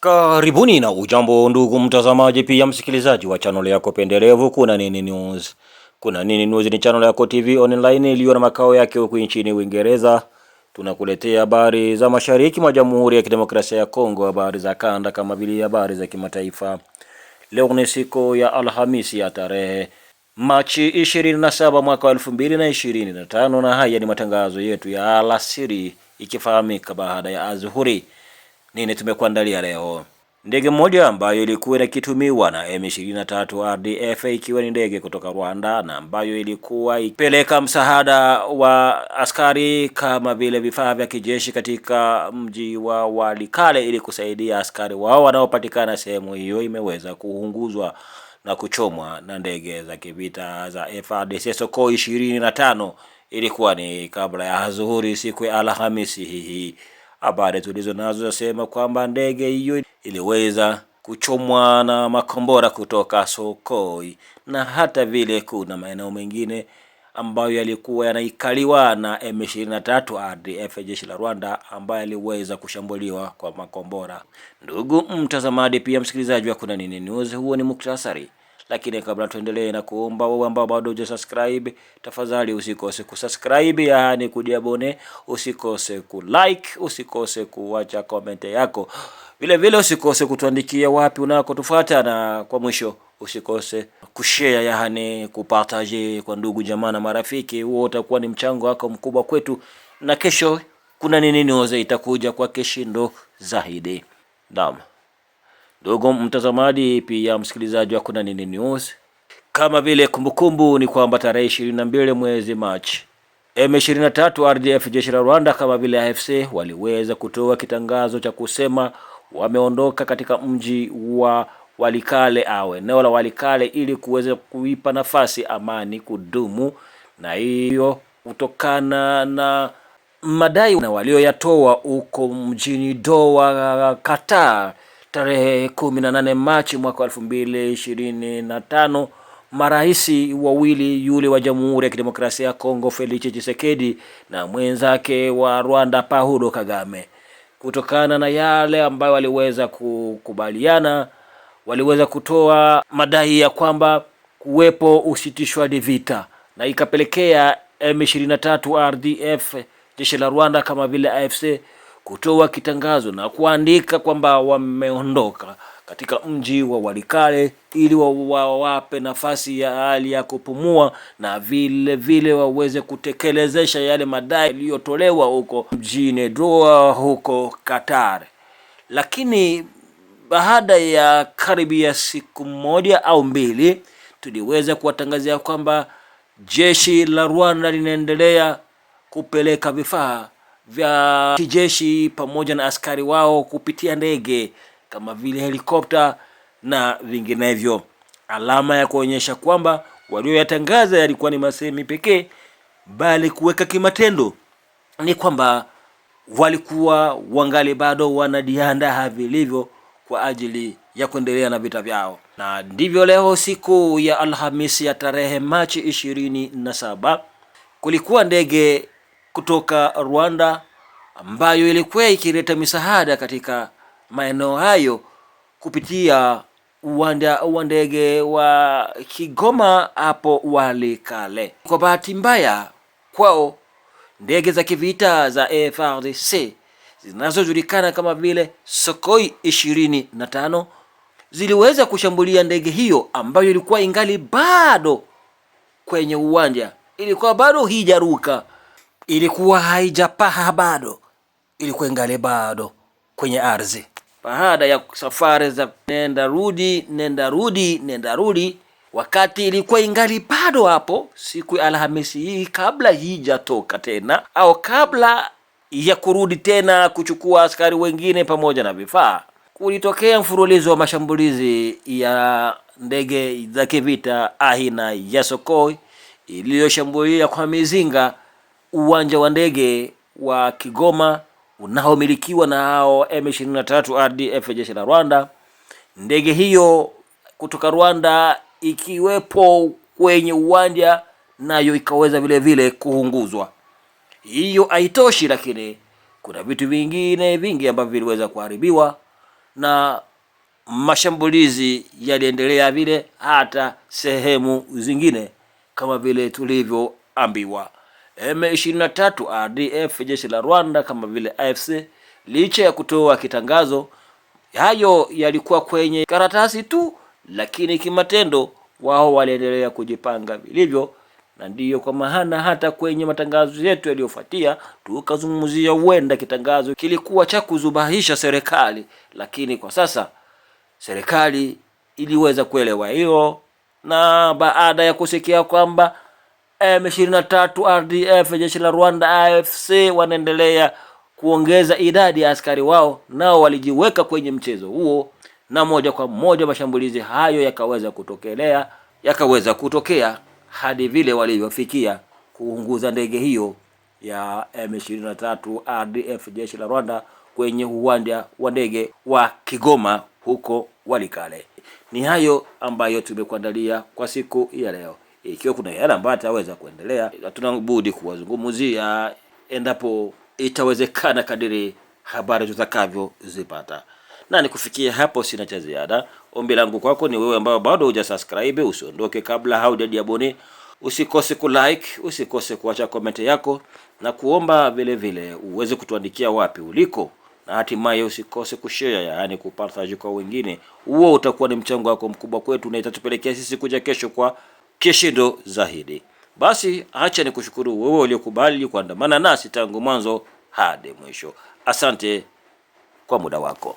Karibuni na ujambo ndugu mtazamaji, pia msikilizaji wa channel yako pendelevu Kuna Nini News. Kuna Nini News ni channel yako TV online iliyo na makao yake huku nchini Uingereza. Tunakuletea habari za mashariki mwa Jamhuri ya Kidemokrasia ya Kongo, habari za kanda kama vile habari za kimataifa. Leo ni siku ya Alhamisi ya tarehe Machi 27 mwaka wa 2025, na haya ni matangazo yetu ya alasiri ikifahamika baada ya adhuhuri nini tumekuandalia leo. Ndege moja ambayo ilikuwa inakitumiwa na M23 RDF ikiwa ni ndege kutoka Rwanda na ambayo ilikuwa ikipeleka msaada wa askari kama vile vifaa vya kijeshi katika mji wa Walikale ili kusaidia askari wao wanaopatikana sehemu hiyo, imeweza kuunguzwa na kuchomwa na ndege za kivita za FARDC Soko 25. Ilikuwa ni kabla ya zuhuri siku ya Alhamisi hii. Habari tulizo nazo zasema kwamba ndege hiyo iliweza kuchomwa na makombora kutoka Sokoi, na hata vile kuna maeneo mengine ambayo yalikuwa yanaikaliwa na M23 RDF jeshi la Rwanda ambayo yaliweza kushambuliwa kwa makombora. Ndugu mtazamaji, pia msikilizaji wa Kuna Nini News, huo ni muktasari lakini kabla tuendelee na kuomba, wewe ambao bado hujasubscribe, tafadhali usikose kusubscribe, yaani kujiabone, usikose kulike, usikose kuacha comment yako, vile vile usikose kutuandikia wapi unakotufuata, na kwa mwisho usikose kushare, yaani kupartage kwa ndugu jamaa na marafiki. Huo utakuwa ni mchango wako mkubwa kwetu, na kesho kuna nini nioze itakuja kwa kishindo zaidi. Naam. Ndugu mtazamaji, pia msikilizaji wa Kuna Nini News, kama vile kumbukumbu ni kwamba tarehe 22 mwezi Machi M23 RDF jeshi la Rwanda kama vile AFC waliweza kutoa kitangazo cha kusema wameondoka katika mji wa Walikale au eneo la Walikale ili kuweza kuipa nafasi amani kudumu, na hiyo kutokana na madai na walioyatoa huko mjini Doha, Qatar tarehe 18 Machi mwaka 2025 marais wawili yule wa Jamhuri ya Kidemokrasia ya Kongo Felix Tshisekedi na mwenzake wa Rwanda Paulo Kagame, kutokana na yale ambayo waliweza kukubaliana, waliweza kutoa madai ya kwamba kuwepo usitishwaji vita, na ikapelekea M23 RDF, jeshi la Rwanda kama vile AFC kutoa kitangazo na kuandika kwamba wameondoka katika mji wa Walikale ili wawape wa nafasi ya hali ya kupumua na vile vile waweze kutekelezesha yale madai yaliyotolewa huko mjini Doha huko Qatar. Lakini baada ya ya siku moja au mbili, tuliweza kuwatangazia kwamba jeshi la Rwanda linaendelea kupeleka vifaa vya kijeshi pamoja na askari wao kupitia ndege kama vile helikopta na vinginevyo, alama ya kuonyesha kwamba walioyatangaza yalikuwa ni masemi pekee, bali kuweka kimatendo ni kwamba walikuwa wangali bado wanajiandaa vilivyo kwa ajili ya kuendelea na vita vyao. Na ndivyo leo siku ya Alhamisi ya tarehe Machi ishirini na saba kulikuwa ndege kutoka Rwanda ambayo ilikuwa ikileta misaada katika maeneo hayo kupitia uwanja wa ndege wa Kigoma hapo Walikale. Kwa bahati mbaya kwao, ndege za kivita za FARDC zinazojulikana kama vile Sokoi ishirini na tano ziliweza kushambulia ndege hiyo ambayo ilikuwa ingali bado kwenye uwanja, ilikuwa bado hijaruka ilikuwa haijapaha bado, ilikuwa ingali bado kwenye ardhi. Baada ya safari za nenda rudi, nenda rudi, nenda rudi, wakati ilikuwa ingali bado hapo, siku ya Alhamisi hii, kabla hijatoka tena au kabla ya kurudi tena kuchukua askari wengine pamoja na vifaa, kulitokea mfululizo wa mashambulizi ya ndege za kivita aina ya Sukhoi iliyoshambulia kwa mizinga uwanja wa ndege wa Kigoma unaomilikiwa na hao M23 RDF jeshi la Rwanda. Ndege hiyo kutoka Rwanda ikiwepo kwenye uwanja nayo ikaweza vile vile kuunguzwa. Hiyo haitoshi, lakini kuna vitu vingine vingi ambavyo viliweza kuharibiwa na mashambulizi yaliendelea vile hata sehemu zingine kama vile tulivyoambiwa. M23 RDF, jeshi la Rwanda kama vile AFC, licha ya kutoa kitangazo, hayo yalikuwa kwenye karatasi tu, lakini kimatendo wao waliendelea kujipanga vilivyo, na ndiyo kwa maana hata kwenye matangazo yetu yaliyofuatia tukazungumzia, huenda kitangazo kilikuwa cha kuzubahisha serikali, lakini kwa sasa serikali iliweza kuelewa hiyo na baada ya kusikia kwamba M23 RDF, jeshi la Rwanda AFC wanaendelea kuongeza idadi ya askari wao, nao walijiweka kwenye mchezo huo, na moja kwa moja mashambulizi hayo yakaweza kutokelea yakaweza kutokea hadi vile walivyofikia kuunguza ndege hiyo ya M23 RDF jeshi la Rwanda kwenye uwanja wa ndege wa Kigoma huko Walikale. Ni hayo ambayo tumekuandalia kwa siku ya leo ikiwa kuna yale ambayo ataweza kuendelea, hatuna budi kuwazungumzia endapo itawezekana kadiri habari tutakavyozipata. Na ni kufikia hapo, sina cha ziada. Ombi langu kwako ni wewe ambao bado hujasubscribe, usiondoke kabla haujajiabone. Usikose kulike, usikose kuacha komenti yako na kuomba vile vile uweze kutuandikia wapi uliko, na hatimaye usikose kushare, yaani kupartage kwa wengine. Huo utakuwa ni mchango wako mkubwa kwetu na itatupelekea sisi kuja kesho kwa kishindo zaidi. Basi acha ni kushukuru wewe uliokubali kuandamana nasi tangu mwanzo hadi mwisho. Asante kwa muda wako.